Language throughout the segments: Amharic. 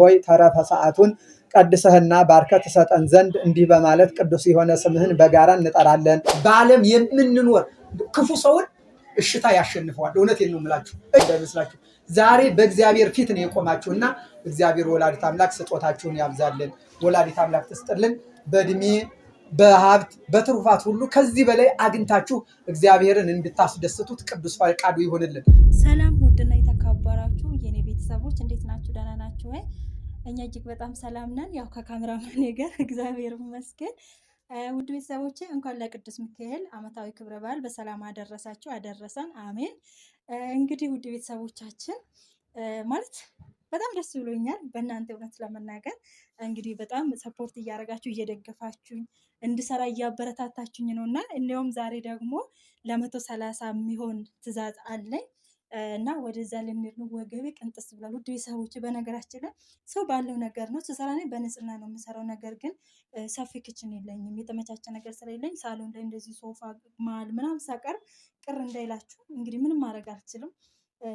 ሆይ ተረፈ ሰዓቱን ቀድሰህና ባርከ ትሰጠን ዘንድ እንዲህ በማለት ቅዱስ የሆነ ስምህን በጋራ እንጠራለን። በዓለም የምንኖር ክፉ ሰውን እሽታ ያሸንፈዋል። እውነት ነው የምላችሁ እንዳይመስላችሁ። ዛሬ በእግዚአብሔር ፊት ነው የቆማችሁና እግዚአብሔር ወላዲት አምላክ ስጦታችሁን ያብዛልን። ወላዲት አምላክ ትስጥልን። በእድሜ በሀብት በትሩፋት ሁሉ ከዚህ በላይ አግኝታችሁ እግዚአብሔርን እንድታስደስቱት ቅዱስ ፈቃዱ ይሆንልን። ሰላም ውድና የተከበራችሁ የኔ ቤተሰቦች እንዴት ናችሁ? ደህና ናችሁ ወይ? እኛ እጅግ በጣም ሰላም ነን። ያው ከካሜራማን ጋር እግዚአብሔር ይመስገን። ውድ ቤተሰቦቼ እንኳን ለቅዱስ ሚካኤል ዓመታዊ ክብረ በዓል በሰላም አደረሳችሁ አደረሰን። አሜን። እንግዲህ ውድ ቤተሰቦቻችን ማለት በጣም ደስ ብሎኛል። በእናንተ እውነት ለመናገር እንግዲህ በጣም ሰፖርት እያደረጋችሁ እየደገፋችሁኝ እንድሰራ እያበረታታችሁኝ ነው እና እንዲያውም ዛሬ ደግሞ ለመቶ ሰላሳ የሚሆን ትዛዝ አለኝ እና ወደዛ ልንሄድ ነው። ወገቤ ቅንጥስ ብሏል። ውድ ቤተሰቦች በነገራችን ላይ ሰው ባለው ነገር ነው ስሰራ፣ ላይ በንጽህና ነው የምሰራው። ነገር ግን ሰፊ ክችን የለኝም፣ የተመቻቸ ነገር ስለሌለኝ ሳሎን ላይ እንደዚህ ሶፋ መሀል ምናምን ሳቀርብ ቅር እንዳይላችሁ እንግዲህ ምንም ማድረግ አልችልም።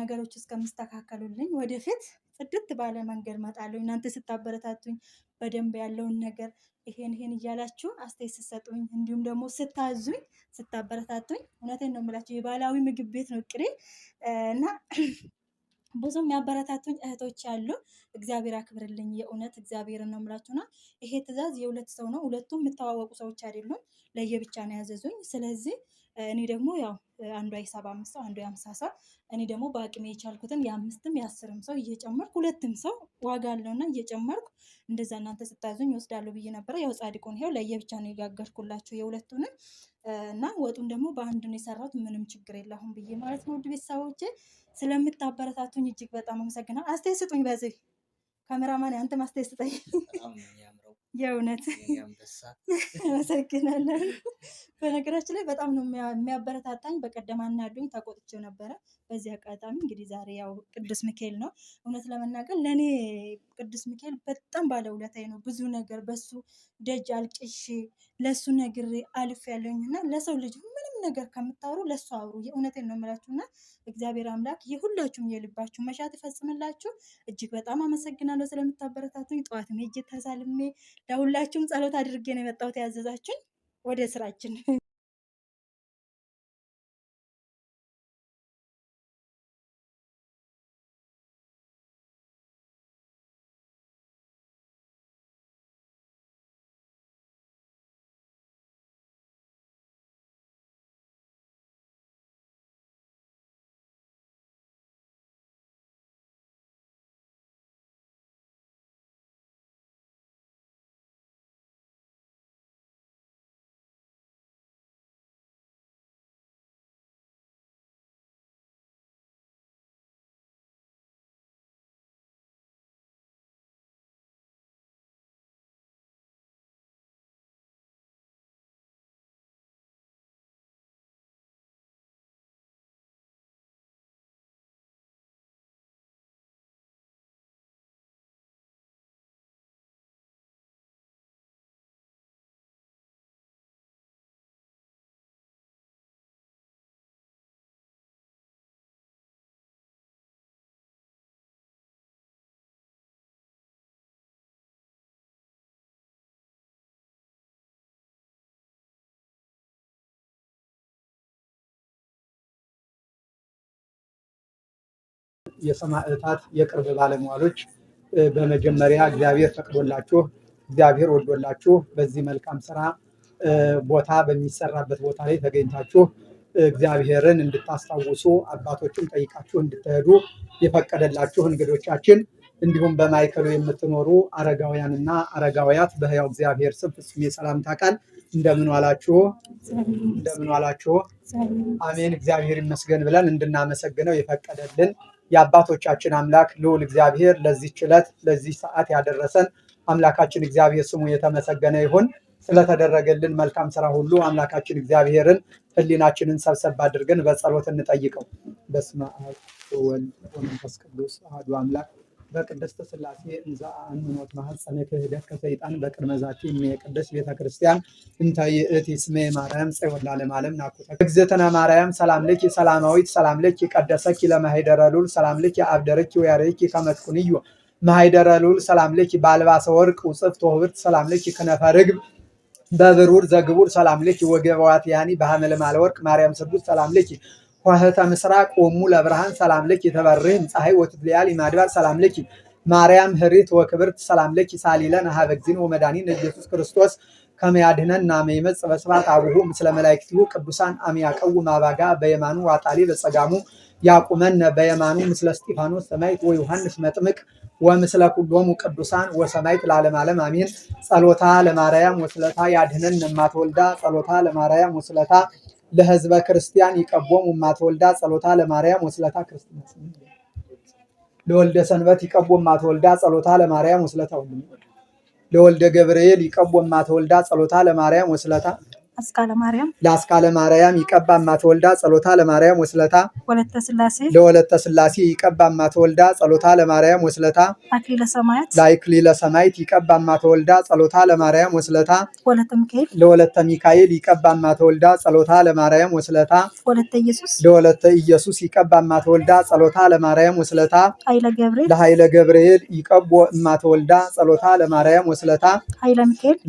ነገሮች እስከምስተካከሉልኝ ወደፊት ጽድት ባለ መንገድ እመጣለሁ። እናንተ ስታበረታቱኝ በደንብ ያለውን ነገር ይሄን ይሄን እያላችሁ አስተያየት ስትሰጡኝ፣ እንዲሁም ደግሞ ስታዙኝ፣ ስታበረታቱኝ እውነቴን ነው የምላችሁ የባህላዊ ምግብ ቤት ነው ቅሬ እና ብዙ የሚያበረታቱኝ እህቶች አሉ። እግዚአብሔር አክብርልኝ። የእውነት እግዚአብሔር ነው የምላችሁና ይሄ ትዕዛዝ የሁለት ሰው ነው። ሁለቱም የምታዋወቁ ሰዎች አይደሉም፣ ለየብቻ ነው ያዘዙኝ። ስለዚህ እኔ ደግሞ ያው አንዷ የሰባ አምስት ሰው አንዷ የአምሳ ሰው እኔ ደግሞ በአቅሜ የቻልኩትን የአምስትም የአስርም ሰው እየጨመርኩ ሁለትም ሰው ዋጋ አለውና እየጨመርኩ እንደዛ እናንተ ስታዙኝ ይወስዳለሁ ብዬ ነበረ። ያው ጻድቁን ይኸው ለየብቻ ነው የጋገርኩላቸው የሁለቱንም እና ወጡን ደግሞ በአንድ ነው የሰራሁት። ምንም ችግር የለሁም ብዬ ማለት ነው። ውድ ቤተሰቦቼ ስለምታበረታቱኝ እጅግ በጣም አመሰግናል። አስተያየት ስጡኝ። በዚህ ካሜራማን አንተም አስተያየት ስጠኝ። የእውነት አመሰግናለን። በነገራችን ላይ በጣም ነው የሚያበረታታኝ። በቀደም አናዱኝ ተቆጥቼው ነበረ። በዚህ አጋጣሚ እንግዲህ ዛሬ ያው ቅዱስ ሚካኤል ነው። እውነት ለመናገር ለእኔ ቅዱስ ሚካኤል በጣም ባለውለታዬ ነው። ብዙ ነገር በሱ ደጅ አልቅሼ ለሱ ነግሬ አልፍ ያለኝ እና ለሰው ልጅ ምንም ነገር ከምታወሩ ለሱ አውሩ። የእውነቴን ነው የምላችሁ እና እግዚአብሔር አምላክ የሁላችሁም የልባችሁ መሻት ይፈጽምላችሁ። እጅግ በጣም አመሰግናለሁ ስለምታበረታቱኝ። ጠዋት ሜጅ ተሳልሜ ለሁላችሁም ጸሎት አድርጌ ነው የመጣሁት ያዘዛችሁኝ ወደ ስራችን የሰማዕታት የቅርብ ባለሟሎች በመጀመሪያ እግዚአብሔር ፈቅዶላችሁ እግዚአብሔር ወዶላችሁ በዚህ መልካም ስራ ቦታ በሚሰራበት ቦታ ላይ ተገኝታችሁ እግዚአብሔርን እንድታስታውሱ አባቶችን ጠይቃችሁ እንድትሄዱ የፈቀደላችሁ እንግዶቻችን እንዲሁም በማይከሉ የምትኖሩ አረጋውያንና አረጋውያት በህያው እግዚአብሔር ስም ፍጹም የሰላምታ ቃል እንደምን ዋላችሁ፣ እንደምን ዋላችሁ። አሜን። እግዚአብሔር ይመስገን ብለን እንድናመሰግነው የፈቀደልን የአባቶቻችን አምላክ ልዑል እግዚአብሔር ለዚህ ችለት ለዚህ ሰዓት ያደረሰን አምላካችን እግዚአብሔር ስሙ የተመሰገነ ይሁን። ስለተደረገልን መልካም ስራ ሁሉ አምላካችን እግዚአብሔርን ህሊናችንን ሰብሰብ አድርገን በጸሎት እንጠይቀው። በስመ አብ ወወልድ ወመንፈስ ቅዱስ አሐዱ አምላክ በቅድስት ስላሴ እንዛ አንኖት ማህፀነ ክህደት ከሰይጣን በቅድመ ዛቲ የቅድስት ቤተ ክርስቲያን እንታይ እቲ ስሜ ማርያም ጸወላ ለማለም ዓለም ናኩተ እግዝእትነ ማርያም ሰላም ልኪ ሰላማዊት ሰላም ልኪ ቀደሰኪ ለማህደረ ሉል ሰላም ልኪ አብደረኪ ወያሬኪ ከመትኩንዩ ማህደረ ሉል ሰላም ልኪ ባልባሰ ወርቅ ውጽፍት ወህብርት ሰላም ልኪ ክነፈ ርግብ በብሩር ዘግቡር ሰላም ልኪ ወገበዋት ያኒ በሐመለ ማለ ወርቅ ማርያም ስርጉት ሰላም ልኪ ኆኅተ ምስራቅ ወሙ ለብርሃን ሰላም ለኪ ተበርህን ፀሐይ ወትትልያል ማድባር ሰላም ለኪ ማርያም ህሪት ወክብርት ሰላም ለኪ ሳሊለን ሀበ እግዚእነ ወመድኃኒነ ኢየሱስ ክርስቶስ ከመ ያድኅነን ናመ ይመጽእ አቡሁ ምስለ መላእክቲሁ ቅዱሳን አመ ያቀው ማባጋ በየማኑ ዋጣሊ በጸጋሙ ያቁመን በየማኑ ምስለ እስጢፋኖስ ሰማዕት ወዮሐንስ መጥምቅ ወምስለ ኩሎሙ ቅዱሳን ወሰማይት ለዓለመ ዓለም አሜን። ጸሎታ ለማርያም ወስለታ ያድኅነን እማትወልዳ ጸሎታ ለማርያም ወስለታ ለህዝበ ክርስቲያን ይቀቦሙ እማትወልዳ ጸሎታ ለማርያም ወስለታ ክርስትና ለወልደ ሰንበት ይቀቦ እማትወልዳ ጸሎታ ለማርያም ወስለታ ወልደ ገብርኤል ይቀቦ እማትወልዳ ጸሎታ ለማርያም ወስለታ ለአስካለ ማርያም ይቀባ ማትወልዳ ጸሎታ ለማርያም ወስለታ ለወለተ ስላሴ ይቀባ ማትወልዳ ጸሎታ ለማርያም ወስለታ ለአክሊለ ሰማዕት ይቀባ ማትወልዳ ጸሎታ ለማርያም ወስለታ ለወለተ ሚካኤል ይቀባ ማትወልዳ ጸሎታ ለማርያም ወስለታ ለወለተ ኢየሱስ ይቀባ ማትወልዳ ጸሎታ ለማርያም ወስለታ ለኃይለ ገብርኤል ይቀቦ ማትወልዳ ጸሎታ ለማርያም ወስለታ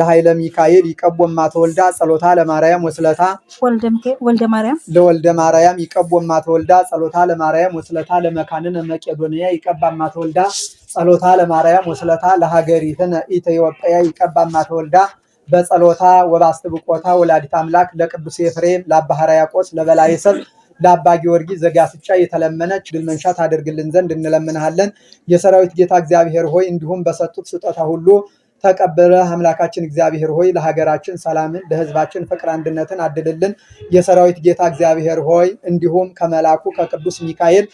ለኃይለ ሚካኤል ይቀቦ ማትወልዳ ጸሎታ ለማርያም ወስለታ ወልደ ማርያም ለወልደ ማርያም ይቀቦ ማተወልዳ ጸሎታ ለማርያም ወስለታ ለመካንን መቄዶንያ ይቀባ ማተወልዳ ጸሎታ ለማርያም ወስለታ ለሀገሪትን ኢትዮጵያ ይቀባ ማተወልዳ በጸሎታ ወባስትብቆታ ወላዲት አምላክ ለቅዱስ ኤፍሬም ለአባ ሕርያቆስ ለበላይ ሰብ ለአባ ጊዮርጊስ ዘጋስጫ የተለመነች ድል መንሻ ታደርግልን ዘንድ እንለምንሃለን። የሰራዊት ጌታ እግዚአብሔር ሆይ እንዲሁም በሰጡት ስጦታ ሁሉ ተቀበለ። አምላካችን እግዚአብሔር ሆይ ለሀገራችን ሰላምን፣ ለህዝባችን ፍቅር አንድነትን አድልልን። የሰራዊት ጌታ እግዚአብሔር ሆይ እንዲሁም ከመላኩ ከቅዱስ ሚካኤል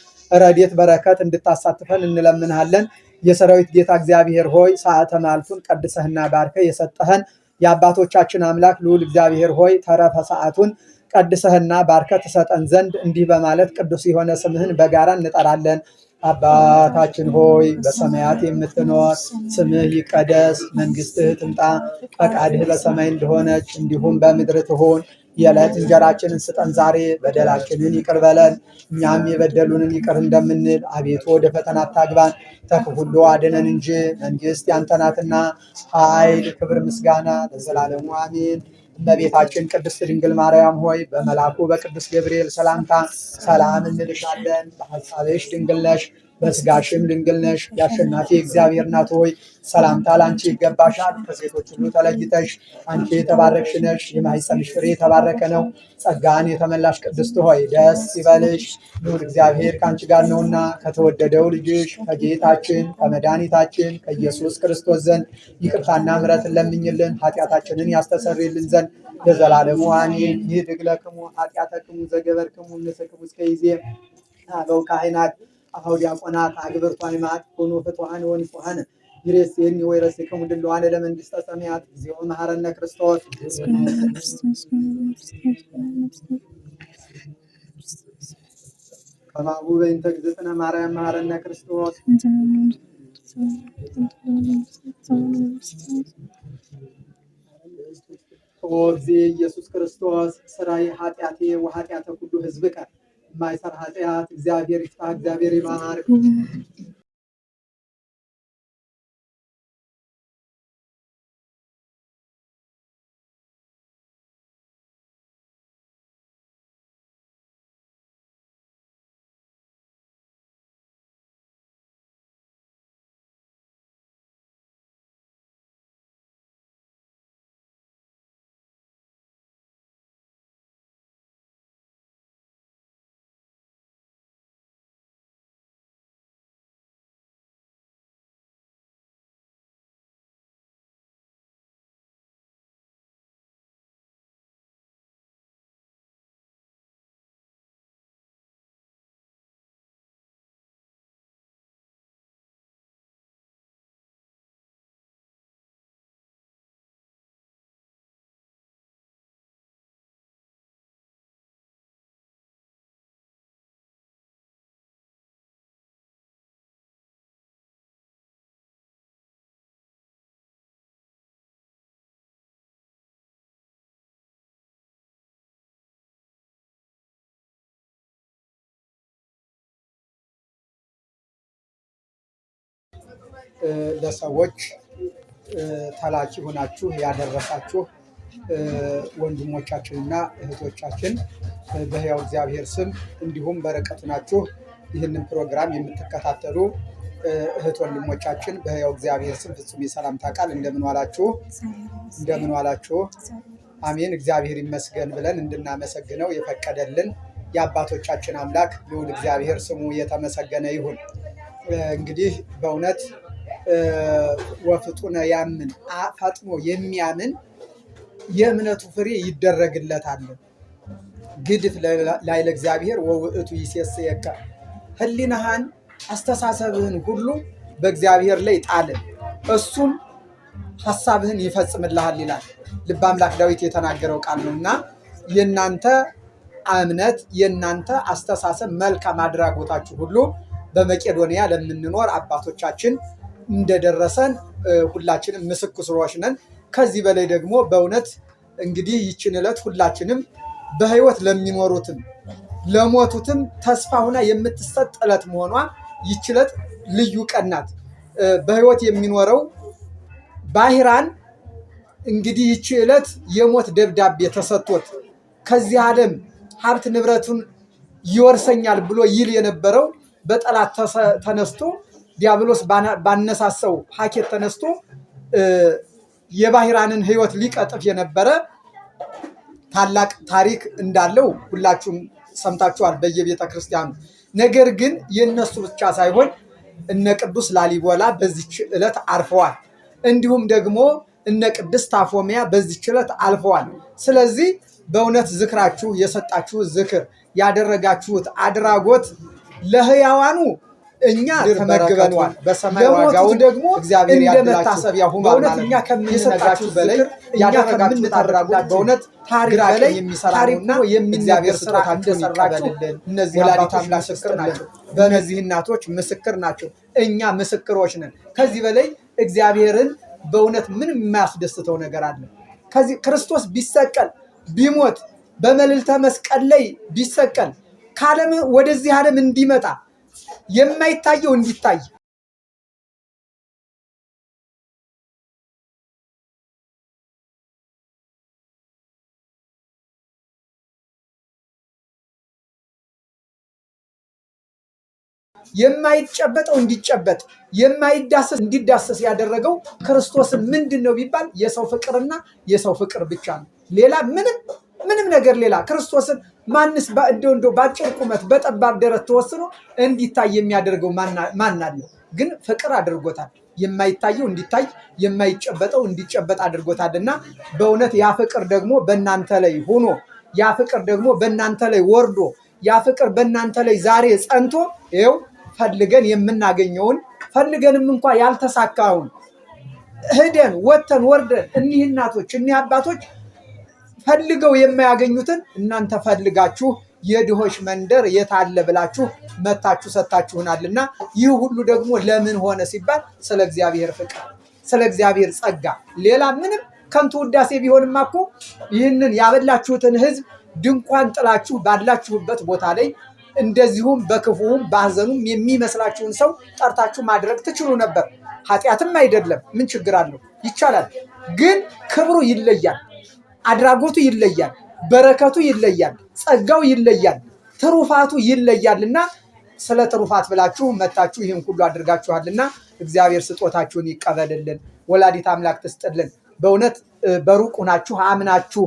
ረድኤት በረከት እንድታሳትፈን እንለምንሃለን። የሰራዊት ጌታ እግዚአብሔር ሆይ ሰዓተ ማልቱን ቀድሰህና ባርከ የሰጠህን የአባቶቻችን አምላክ ልዑል እግዚአብሔር ሆይ ተረፈ ሰዓቱን ቀድሰህና ባርከ ትሰጠን ዘንድ እንዲህ በማለት ቅዱስ የሆነ ስምህን በጋራ እንጠራለን። አባታችን ሆይ በሰማያት የምትኖር ስምህ ይቀደስ፣ መንግስትህ ትምጣ፣ ፈቃድህ በሰማይ እንደሆነች እንዲሁም በምድር ትሁን። የዕለት እንጀራችንን ስጠን ዛሬ፣ በደላችንን ይቅር በለን እኛም የበደሉንን ይቅር እንደምንል፣ አቤቱ ወደ ፈተና አታግባን፣ ተክሁሉ አድነን እንጂ መንግስት ያንተናትና ሀይል ኃይል፣ ክብር፣ ምስጋና ለዘላለሙ አሜን። እመቤታችን ቅድስት ድንግል ማርያም ሆይ በመልአኩ በቅዱስ ገብርኤል ሰላምታ ሰላም እንልሻለን፣ በሐሳብሽ ድንግል ነሽ በስጋሽም ድንግል ነሽ። የአሸናፊ እግዚአብሔር እናት ሆይ ሰላምታ ላንቺ ይገባሻል። ከሴቶች ሁሉ ተለይተሽ አንቺ የተባረክሽ ነሽ፣ የማኅፀንሽ ፍሬ የተባረከ ነው። ጸጋን የተመላሽ ቅድስት ሆይ ደስ ይበልሽ፣ ኑር እግዚአብሔር ከአንቺ ጋር ነውና ከተወደደው ልጅሽ ከጌታችን ከመድኃኒታችን ከኢየሱስ ክርስቶስ ዘንድ ይቅርታና ምሕረትን ለምኝልን ኃጢአታችንን ያስተሰርይልን ዘንድ ለዘላለሙ አሜን። ይህ ድግለክሙ ኃጢአተክሙ ዘገበርክሙ ንስክሙ እስከ ጊዜ አበው ካህናት አኀው ዲያቆናት አግብርቷ ይማት ሆኖ ፍትሐን ወንጹሐን ይሬስ የኒ ወይረሴክሙ ድልዋለ ለመንግሥተ ሰማያት እግዚኦ መሐረነ ክርስቶስ ከማቡ በእንተ እግዝእትነ ማርያም መሐረነ ክርስቶስ ኦ እግዚእ ኢየሱስ ክርስቶስ ሥራዬ ኃጢአቴ ወኃጢአተ ኩሉ ሕዝብከ የማይሰራ ኃጢአት እግዚአብሔር ይፍታ፣ እግዚአብሔር ይባርክ። ለሰዎች ተላኪ ሆናችሁ ያደረሳችሁ ወንድሞቻችንና እህቶቻችን በሕያው እግዚአብሔር ስም እንዲሁም በርቀት ናችሁ ይህንን ፕሮግራም የምትከታተሉ እህት ወንድሞቻችን በሕያው እግዚአብሔር ስም ፍጹም የሰላምታ ቃል እንደምን ዋላችሁ? እንደምን ዋላችሁ? አሜን። እግዚአብሔር ይመስገን ብለን እንድናመሰግነው የፈቀደልን የአባቶቻችን አምላክ ልዑል እግዚአብሔር ስሙ የተመሰገነ ይሁን። እንግዲህ በእውነት ወፍጡነ ያምን ፈጥኖ የሚያምን የእምነቱ ፍሬ ይደረግለታል። ግድፍ ላይለ እግዚአብሔር ወውእቱ ይሴስየከ ህሊናህን አስተሳሰብህን ሁሉ በእግዚአብሔር ላይ ጣል፣ እሱም ሀሳብህን ይፈጽምልሃል ይላል ልበ አምላክ ዳዊት የተናገረው ቃል ነው እና የእናንተ እምነት የእናንተ አስተሳሰብ መልካም አድራጎታችሁ ሁሉ በመቄዶንያ ለምንኖር አባቶቻችን እንደደረሰን ሁላችንም ምስክሮች ነን። ከዚህ በላይ ደግሞ በእውነት እንግዲህ ይችን ዕለት ሁላችንም በህይወት ለሚኖሩትም ለሞቱትም ተስፋ ሁና የምትሰጥ ዕለት መሆኗ ይች ዕለት ልዩ ቀን ናት። በህይወት የሚኖረው ባህራን እንግዲህ ይቺ ዕለት የሞት ደብዳቤ ተሰጥቶት ከዚህ ዓለም ሀብት ንብረቱን ይወርሰኛል ብሎ ይል የነበረው በጠላት ተነስቶ ዲያብሎስ ባነሳሰው ሀኬት ተነስቶ የባህራንን ህይወት ሊቀጥፍ የነበረ ታላቅ ታሪክ እንዳለው ሁላችሁም ሰምታችኋል በየቤተ ክርስቲያኑ። ነገር ግን የእነሱ ብቻ ሳይሆን እነ ቅዱስ ላሊቦላ በዚች ዕለት አርፈዋል። እንዲሁም ደግሞ እነ ቅድስት ታፎሚያ በዚች ዕለት አልፈዋል። ስለዚህ በእውነት ዝክራችሁ የሰጣችሁት ዝክር ያደረጋችሁት አድራጎት ለህያዋኑ እኛ ተመግበናል። በሰማይ ዋጋውን ደግሞ እግዚአብሔር እንደመታሰቢያ ሆኗል ማለት እኛ ከምንነግራችሁ በላይ ያደረጋችሁ ታደራጉት በእውነት ታሪክ በላይ የሚሰራና የእግዚአብሔር ስራ ይቀበልልን። እነዚህ ወላዲተ አምላክ ምስክር ናቸው። በእነዚህ እናቶች ምስክር ናቸው። እኛ ምስክሮች ነን። ከዚህ በላይ እግዚአብሔርን በእውነት ምን የማያስደስተው ነገር አለ? ከዚህ ክርስቶስ ቢሰቀል ቢሞት በመልዕልተ መስቀል ላይ ቢሰቀል ከዓለም ወደዚህ ዓለም እንዲመጣ የማይታየው እንዲታይ የማይጨበጠው እንዲጨበጥ የማይዳሰስ እንዲዳሰስ ያደረገው ክርስቶስን ምንድን ነው ቢባል የሰው ፍቅርና የሰው ፍቅር ብቻ ነው። ሌላ ምንም ምንም ነገር ሌላ ክርስቶስን ማንስ እንደው እንደው በአጭር ቁመት በጠባብ ደረት ተወስኖ እንዲታይ የሚያደርገው ማናለው ግን ፍቅር አድርጎታል። የማይታየው እንዲታይ የማይጨበጠው እንዲጨበጥ አድርጎታል። እና በእውነት ያ ፍቅር ደግሞ በእናንተ ላይ ሆኖ ያ ፍቅር ደግሞ በእናንተ ላይ ወርዶ ያ ፍቅር በእናንተ ላይ ዛሬ ጸንቶ ይኸው ፈልገን የምናገኘውን ፈልገንም እንኳ ያልተሳካውን ሂደን ወተን ወርደን እኒህ እናቶች እኒህ አባቶች ፈልገው የማያገኙትን እናንተ ፈልጋችሁ የድሆች መንደር የት አለ ብላችሁ መታችሁ እና ይህ ሁሉ ደግሞ ለምን ሆነ ሲባል ስለ እግዚአብሔር ፍቅር፣ ስለ እግዚአብሔር ጸጋ። ሌላ ምንም ከንቱ ውዳሴ ቢሆንማ እኮ ይህንን ያበላችሁትን ሕዝብ ድንኳን ጥላችሁ ባላችሁበት ቦታ ላይ እንደዚሁም በክፉም በሐዘኑም የሚመስላችሁን ሰው ጠርታችሁ ማድረግ ትችሉ ነበር። ኃጢአትም አይደለም። ምን ችግር አለው? ይቻላል። ግን ክብሩ ይለያል። አድራጎቱ ይለያል፣ በረከቱ ይለያል፣ ጸጋው ይለያል፣ ትሩፋቱ ይለያል እና ስለ ትሩፋት ብላችሁ መታችሁ ይህን ሁሉ አድርጋችኋልና እግዚአብሔር ስጦታችሁን ይቀበልልን፣ ወላዲት አምላክ ትስጥልን። በእውነት በሩቅ ናችሁ አምናችሁ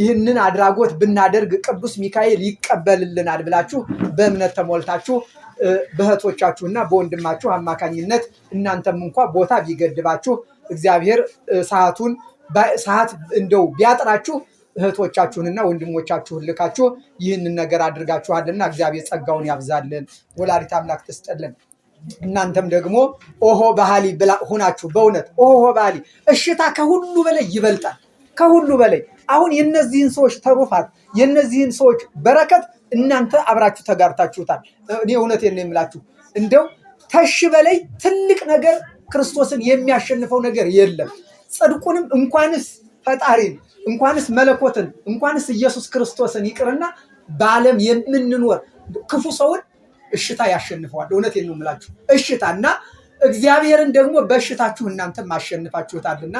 ይህንን አድራጎት ብናደርግ ቅዱስ ሚካኤል ይቀበልልናል ብላችሁ በእምነት ተሞልታችሁ በእህቶቻችሁና በወንድማችሁ አማካኝነት እናንተም እንኳ ቦታ ቢገድባችሁ እግዚአብሔር ሰዓቱን ሰዓት እንደው ቢያጥራችሁ እህቶቻችሁንና ወንድሞቻችሁን ልካችሁ ይህንን ነገር አድርጋችኋልና እግዚአብሔር ጸጋውን ያብዛልን። ወላዲት አምላክ ትስጥልን። እናንተም ደግሞ ኦሆ ባህሊ ሁናችሁ በእውነት ኦሆ ባህሊ እሽታ ከሁሉ በላይ ይበልጣል። ከሁሉ በላይ አሁን የነዚህን ሰዎች ተሩፋት የነዚህን ሰዎች በረከት እናንተ አብራችሁ ተጋርታችሁታል። እኔ እውነቴን ነው የምላችሁ እንደው ተሽ በላይ ትልቅ ነገር ክርስቶስን የሚያሸንፈው ነገር የለም። ጽድቁንም እንኳንስ ፈጣሪን እንኳንስ መለኮትን እንኳንስ ኢየሱስ ክርስቶስን ይቅርና በዓለም የምንኖር ክፉ ሰውን እሽታ ያሸንፈዋል። እውነቴን ነው የምላችሁ እሽታ እና እግዚአብሔርን ደግሞ በእሽታችሁ እናንተም አሸንፋችሁታልና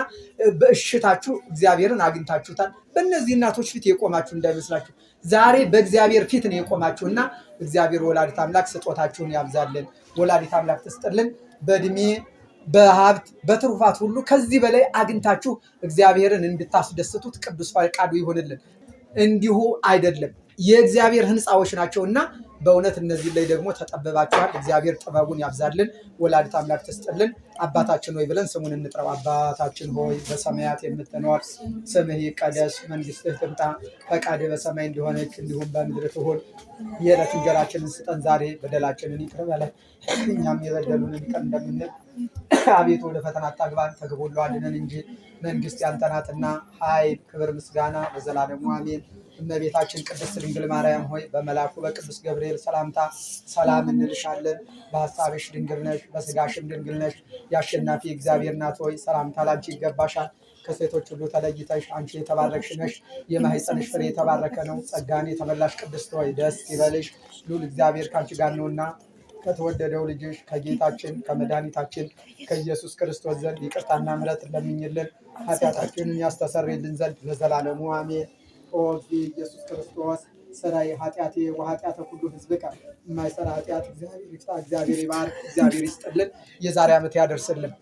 በእሽታችሁ እግዚአብሔርን አግኝታችሁታል። በእነዚህ እናቶች ፊት የቆማችሁ እንዳይመስላችሁ፣ ዛሬ በእግዚአብሔር ፊት ነው የቆማችሁና እግዚአብሔር ወላዲት አምላክ ስጦታችሁን ያብዛልን። ወላዲት አምላክ ትስጥልን በእድሜ በሀብት በትሩፋት ሁሉ ከዚህ በላይ አግኝታችሁ እግዚአብሔርን እንድታስደስቱት ቅዱስ ፈቃዱ ይሆንልን። እንዲሁ አይደለም የእግዚአብሔር ህንፃዎች ናቸው እና በእውነት እነዚህ ላይ ደግሞ ተጠበባችኋል። እግዚአብሔር ጥበቡን ያብዛልን፣ ወላድት አምላክ ትስጥልን። አባታችን ሆይ ብለን ስሙን እንጥረው አባታችን ሆይ በሰማያት የምትኖር ስምህ ይቀደስ፣ መንግስትህ ትምጣ፣ ፈቃድህ በሰማይ እንዲሆነች እንዲሁም በምድር ትሁን። የዕለት እንጀራችንን ስጠን ዛሬ፣ በደላችንን ይቅር በለን እኛም የበደሉንን ይቅር እንደምንል አቤቱ ወደ ፈተና አታግባን፣ ከክፉ ሁሉ አድነን እንጂ መንግስት ያንተ ናትና፣ ኃይል፣ ክብር፣ ምስጋና በዘላለሙ አሜን። እመቤታችን ቅድስት ድንግል ማርያም ሆይ በመላኩ በቅዱስ ገብርኤል የእግዚአብሔር ሰላምታ ሰላም እንልሻለን። በሀሳብሽ ድንግል ነሽ፣ በስጋሽም ድንግል ነሽ። የአሸናፊ እግዚአብሔር ናት ሆይ ሰላምታ ላንቺ ይገባሻል። ከሴቶች ሁሉ ተለይተሽ አንቺ የተባረክሽ ነሽ፣ ፍሬ የተባረከ ነው። ጸጋን የተመላሽ ቅድስት ሆይ ደስ ይበልሽ፣ ሉል እግዚአብሔር ከአንቺ ጋር ነውና ከተወደደው ልጅሽ ከጌታችን ከመድኃኒታችን ከኢየሱስ ክርስቶስ ዘንድ ይቅርታና ምሕረት ለምኝልን ኃጢአታችንን ያስተሰርይልን ዘንድ ለዘላለሙ አሜን። ኦ ኢየሱስ ክርስቶስ ሰራይ ኃጢአት ወኃጢአተ ሁሉ ህዝብ ቃ የማይሰራ ኃጢአት እግዚአብሔር ይፍታ። እግዚአብሔር ይባርክ። እግዚአብሔር ይስጥልን። የዛሬ ዓመት ያደርስልን።